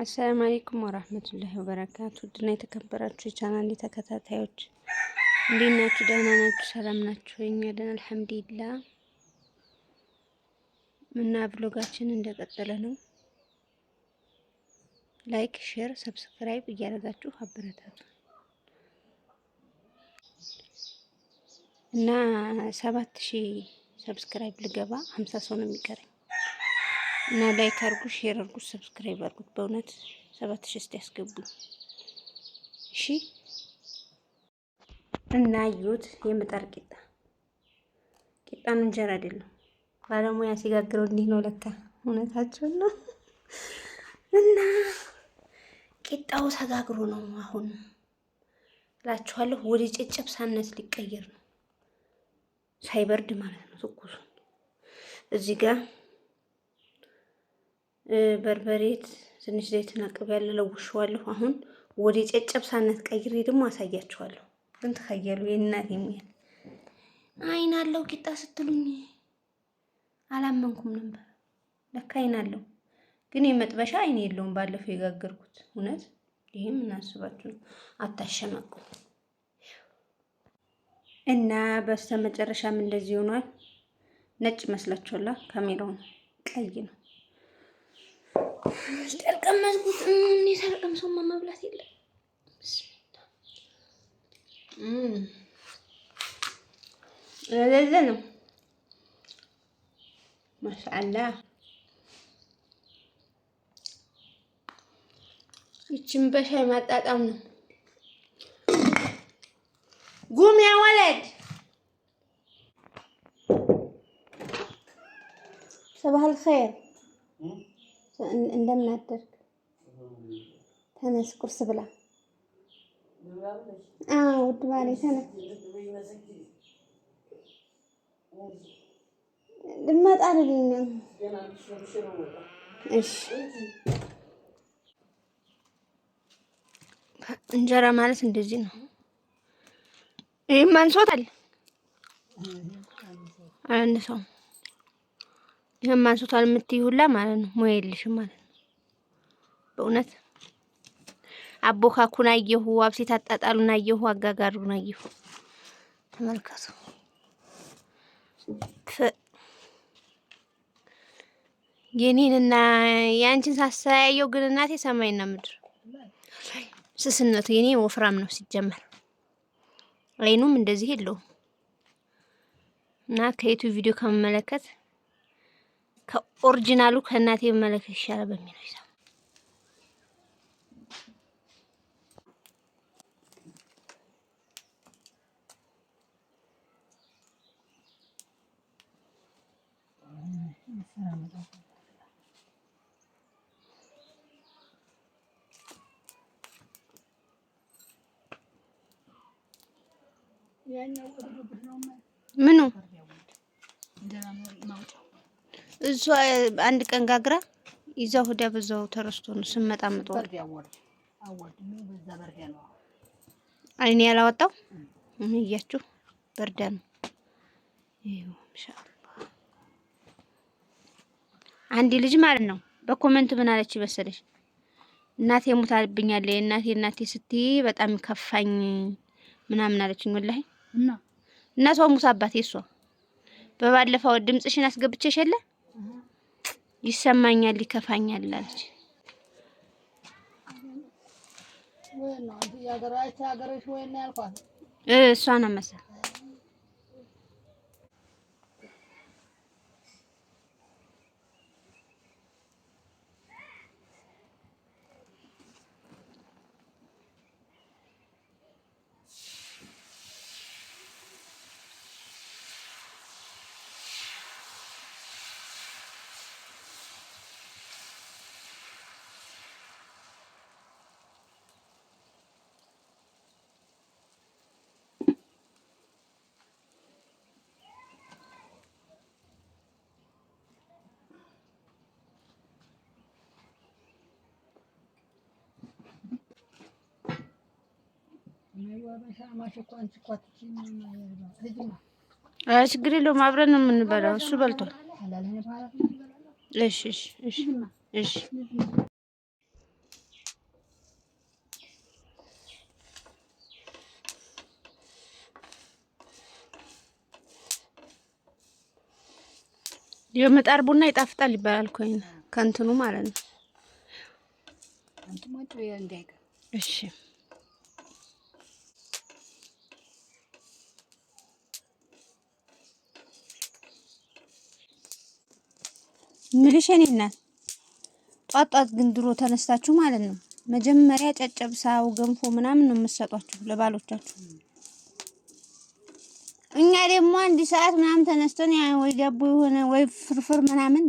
አሰላም አለይኩም ወራህመቱላሂ ወበረካቱ ድና የተከበራችሁ የቻናሌ ተከታታዮች እንዴት ናችሁ? ደህና ናችሁ? ሰላም ናችሁ? እኛ ደህና አልሐምዱሊላህ። እና ብሎጋችን እንደቀጠለ ነው። ላይክ፣ ሼር፣ ሰብስክራይብ እያደረጋችሁ አበረታቱ እና ሰባት ሺህ ሰብስክራይብ ልገባ ሀምሳ ሰው ነው የሚቀረኝ እና ላይክ አርጉ፣ ሼር አርጉ፣ ሰብስክራይብ አርጉት። በእውነት ሰባት ሺህ እስቲ ያስገቡኝ። እሺ እና እዩት፣ የምጣር ቂጣ ቂጣን እንጀራ አይደለም ባለሙያ ሲጋግረው እንዲህ ነው ለካ። እውነታቸው ነው። እና ቂጣው ተጋግሮ ነው አሁን እላችኋለሁ ወደ ጨጨብሳነት ሊቀየር ነው። ሳይበርድ ማለት ነው ትኩሱ እዚህ ጋር በርበሬት ትንሽ ዘይትና ናቅብ ያለ ለውሸዋለሁ። አሁን ወደ ጨጨብሳነት ቀይሬ ደግሞ አሳያችኋለሁ። ግን ትኸያሉ የእናት የሚል አይን አለው ቂጣ ስትሉኝ አላመንኩም ነበር። ለካ አይን አለው፣ ግን የመጥበሻ አይን የለውም። ባለፈው የጋገርኩት እውነት። ይህም እናስባችሁ ነው፣ አታሸመቁ እና በስተመጨረሻም እንደዚህ ሆኗል። ነጭ መስላችኋላ? ካሜራውን ቀይ ነው። ቀመስኩት። እንዴት አልቀምሰውማ መብላት የለም። ለለ ነው ማሻአላ። ይችን በሻይ ማጣጣም ነው። ጉም ያ ወለድ ሰባህ አልኸይር እንደምናደርግ ተነስ፣ ቁርስ ብላ። አዎ ውድ ባሌ ተነስ፣ ልመጣ አይደል? እሺ እንጀራ ማለት እንደዚህ ነው። ይህም አንሶታል አንድ ይህም አንስቷል የምትይ ሁላ ማለት ነው። ሙያ የለሽም ማለት ነው። በእውነት አቦካኩን አየሁ፣ አብሴት አጣጣሉን አየሁ፣ አጋጋሩን አየሁ። ተመልከቱ። የኔንና የአንቺን ሳስተያየው ግን እናቴ ሰማይና ምድር ስስነቱ የኔ ወፍራም ነው ሲጀመር አይኑም እንደዚህ የለውም እና ከዩቱብ ቪዲዮ ከመመለከት ከኦሪጂናሉ ከእናቴ መመለከት ይሻላል በሚለው ይዛ ምኑ እሷ አንድ ቀን ጋግራ ይዛው ሄዳ በዛው ተረስቶ ነው ስመጣምጥ አይኔ ያላወጣው እያችሁ በርዳ ነው። አንድ ልጅ ማለት ነው በኮመንት ምን አለች ይበሰለሽ እናቴ ሞታልብኛለ እናቴ እናቴ ስትይ በጣም ከፋኝ ምናምን አለችኝ። ወላሂ እና እናቷ ሙታባት የሷ በባለፈው ድምጽሽን አስገብቼሽ የለ ይሰማኛል፣ ይከፋኛል አለች። እሷ ነው መሰል አይ ችግር የለውም። አብረን ነው የምንበላው። እሱ በልቷል። እሺ፣ እሺ፣ እሺ፣ እሺ። የምጣር ቡና ይጣፍጣል ይባላል እኮ ከእንትኑ ማለት ነው። እሺ ምልሽ የኔ ናት። ጧት ጧት ግን ድሮ ተነስታችሁ ማለት ነው መጀመሪያ ጨጨብሳው ገንፎ ምናምን ነው የምትሰጧችሁ ለባሎቻችሁ። እኛ ደግሞ አንድ ሰዓት ምናምን ተነስተን ያ ወይ ዳቦ የሆነ ወይ ፍርፍር ምናምን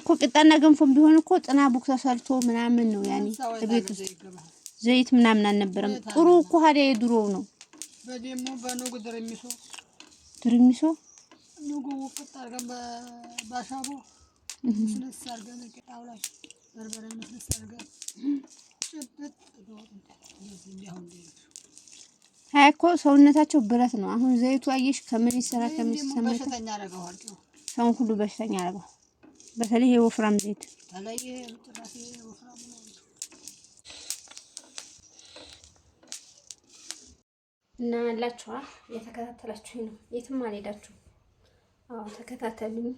እኮ ቅጣና ገንፎም ቢሆን እኮ ጥና ቡክ ተሰርቶ ምናምን ነው ያኔ ቤት ውስጥ ዘይት ምናምን አልነበረም። ጥሩ እኮ ሀዲያ የድሮው ነው። በደሞ በኑግ ድርሚሶ ድርሚሶ ኑጉ ውቅጥ አድርገን ባሻቦ ስልስ አድርገን ጣውላይ በርበሬ ስልስ አድርገን ሀያ እኮ ሰውነታቸው ብረት ነው። አሁን ዘይቱ አየሽ ከምን ይሰራ ከምን ሰውን ሁሉ በሽተኛ ያደርገው። በተለይ የወፍራም ዘይት እና ያላችኋ የተከታተላችሁኝ ነው። የትም አልሄዳችሁም። አዎ ተከታተሉኝ።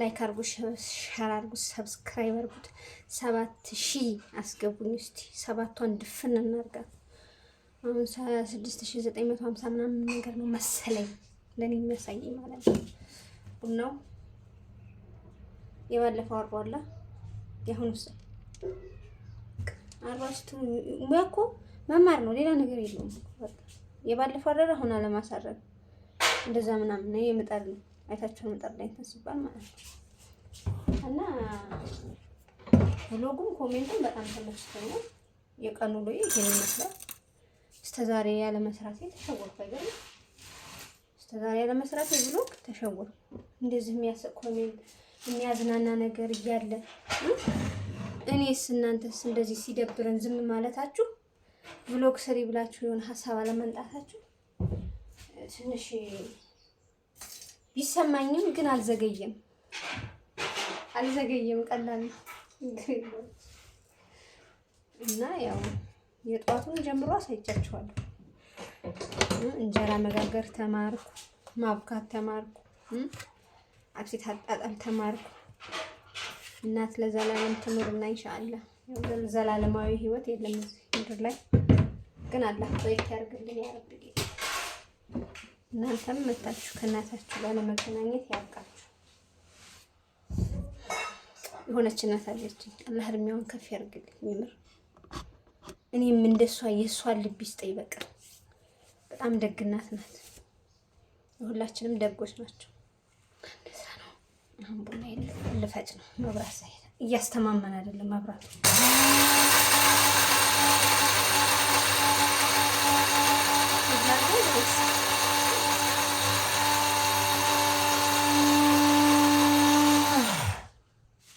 ላይክ አርጉ፣ ሸር አርጉ፣ ሰብስክራይብ አርጉት። ሰባት ሺህ አስገቡኝ እስቲ ሰባቷን ድፍን እናርጋት። አሁን ስድስት ሺህ ዘጠኝ መቶ ሀምሳ ምናምን ነገር ነው መሰለኝ ለእኔ የሚያሳየኝ ማለት ነው። ቡናው የባለፈው አርባ አለ የአሁኑ ስ አርባ ስቱ ሙያ እኮ መማር ነው፣ ሌላ ነገር የለውም። የባለፈው አደረ ሆና ለማሳረግ እንደዛ ምናምን ነው የምጣድ ነው አይታችሁ ምጣድ ላይ ተስባል ማለት ነው። እና ብሎጉም ኮሜንቱም በጣም ነው የቀኑ ውሎዬ ይሄን ይመስላል። እስከዛሬ ያለ መስራቴ ተሸወርኩ አይደለም። እስከዛሬ ያለ መስራቴ ብሎግ ተሸወርኩ። እንደዚህ የሚያስቅ ኮሜንት የሚያዝናና ነገር እያለ እኔስ እናንተስ እንደዚህ ሲደብረን ዝም ማለታችሁ ብሎግ ስሪ ብላችሁ የሆነ ሀሳብ አለመንጣታችሁ ትንሽ ቢሰማኝም ግን አልዘገየም አልዘገየም ቀላል እና ያው የጠዋቱን ጀምሮ አሳይቻችኋለሁ። እንጀራ መጋገር ተማርኩ፣ ማብካት ተማርኩ፣ አብሴት አጣጣል ተማርኩ። እናት ለዘላለም ትኑርና ኢንሻአላህ ዘላለማዊ ህይወት የለም ምድር ላይ ግን አላህ በይት ያርግልን ያረብ እናንተም መታችሁ ከእናታችሁ ጋር ለመገናኘት ያብቃችሁ። የሆነች እናት አለችኝ። አላህ እድሜዋን ከፍ ያርግልኝ። የምር እኔም እንደሷ የእሷን ልብ ይስጠኝ። በቃ በጣም ደግ እናት ናት። የሁላችንም ደጎች ናቸው። እንደዛ ነው። አሁን ቡና ልፈጭ ነው። መብራት ሳይሄድ እያስተማመን አይደለም መብራት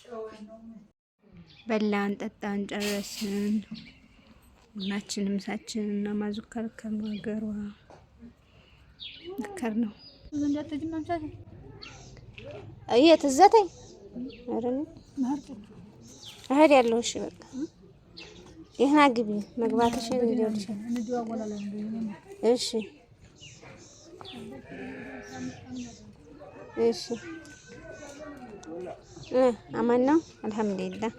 ያደረኩት። በላን፣ ጠጣን፣ ጨረስን። ሁላችን ምሳችን እና ማዙካር ከማገሯ ዝከር ነው ይሄ ትዘተኝ እህድ ያለው እሺ፣ በቃ ይህን አግቢ መግባትሽን እሺ እሺ አማን ነው። አልሐምዱሊላህ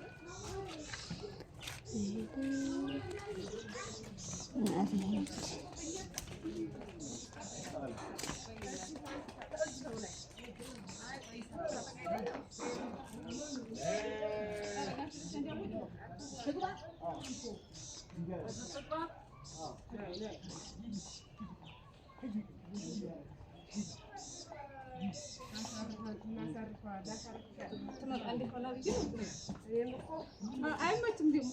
አይመችም ደግሞ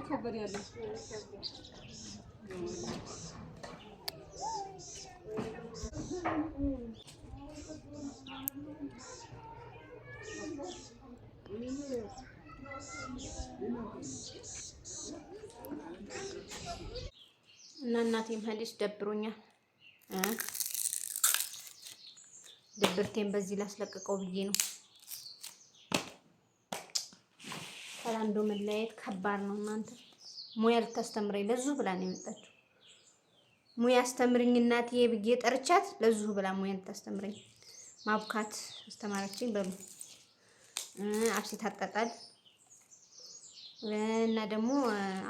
እከበዳለሁ። እና እናቴም ሄደች ደብሮኛል። ድብርቴን በዚህ ላስለቅቀው ብዬ ነው። ከላንዶ መለያየት ከባድ ነው። እናንተ ሙያ ልታስተምረኝ ለዙ ብላ ነው የመጣችው። ሙያ አስተምርኝ እናትዬ ብዬ ጠርቻት ለዙ ብላ ሙያ ልታስተምረኝ ማብካት አስተማረችኝ። በሉ አብሴት አጣጣል እና ደግሞ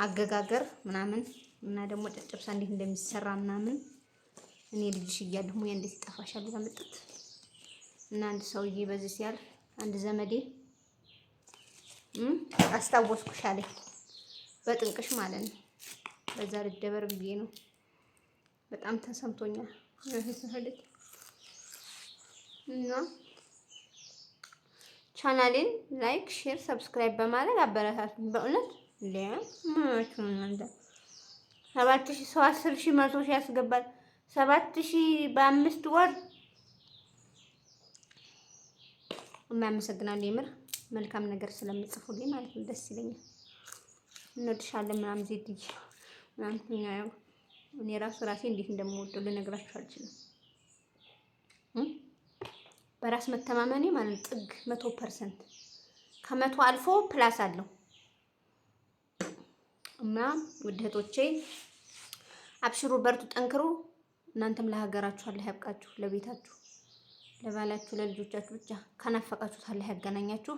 አገጋገር ምናምን እና ደግሞ ጨጨብሳ እንዴት እንደሚሰራ ምናምን እኔ ልጅሽ እያለሁ ሙያ እንዴት ይጠፋሻል ብላ እና አንድ ሰውዬ በዚህ ሲያልፍ አንድ ዘመዴ አስታወስኩሽ አለኝ። በጥንቅሽ ማለት ነው። በዛ ልደበር ብዬ ነው። በጣም ተሰምቶኛል እና ቻናሌን ላይክ፣ ሼር፣ ሰብስክራይብ በማድረግ አበረታቱ። በእውነት ለማችሁ እናንተ ሰባት ሺህ ሰው አስር ሺህ መቶ ሺህ ያስገባል። ሰባት ሺህ በአምስት ወር የሚያመሰግናሉ የምር መልካም ነገር ስለምጽፉልኝ ማለት ነው። ደስ ይለኛል። እንወድሻለን ምናምን ዜድዬ ምናምን ያው እኔ ራሱ ራሴ እንዴት እንደምወደው ልነግራችሁ አልችልም። በራስ መተማመኔ ማለት ጥግ መቶ ፐርሰንት ከመቶ አልፎ ፕላስ አለው እና ውድ እህቶቼ አብሽሩ፣ በርቱ፣ ጠንክሩ። እናንተም ለሀገራችሁ አላህ ያብቃችሁ ለቤታችሁ ለባላችሁ ለልጆቻችሁ ብቻ ከናፈቃችሁት አላህ ያገናኛችሁ።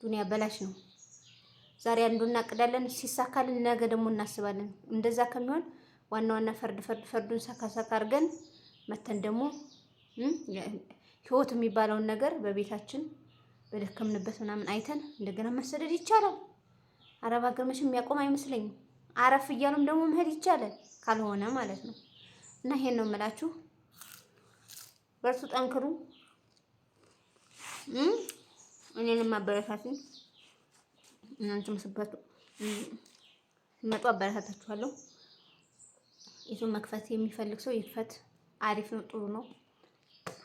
ዱንያ በላሽ ነው። ዛሬ አንዱ እናቅዳለን፣ ሲሳካልን ነገ ደግሞ እናስባለን። እንደዛ ከሚሆን ዋና ዋና ፈርድ ፈርድ ፈርዱን ሳካ ሳካ አድርገን መተን ደግሞ ህይወት የሚባለውን ነገር በቤታችን በደከምንበት ምናምን አይተን እንደገና መሰደድ ይቻላል። አረብ ሀገር መቼም የሚያቆም አይመስለኝም። አረፍ እያሉም ደግሞ መሄድ ይቻላል፣ ካልሆነ ማለት ነው። እና ይሄን ነው የምላችሁ። በእርሱ ጠንክሩ። እኔንም አበረታቱኝ። እናንተም ስበቱ መጡ አበረታታችኋለሁ። የቱን መክፈት የሚፈልግ ሰው ይክፈት። አሪፍ ነው፣ ጥሩ ነው።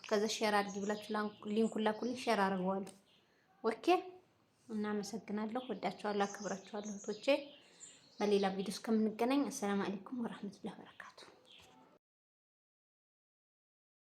ከዛ ሼር አድርጊ ብላችሁ ሊንኩን ላኩልኝ፣ ሼር አድርገዋለሁ። ኦኬ። እናመሰግናለሁ። ወዳችኋለሁ፣ አክብራችኋለሁ እህቶቼ። በሌላ ቪዲዮ እስከምንገናኝ አሰላም አለይኩም ወራህመቱላሂ ወበረካቱ።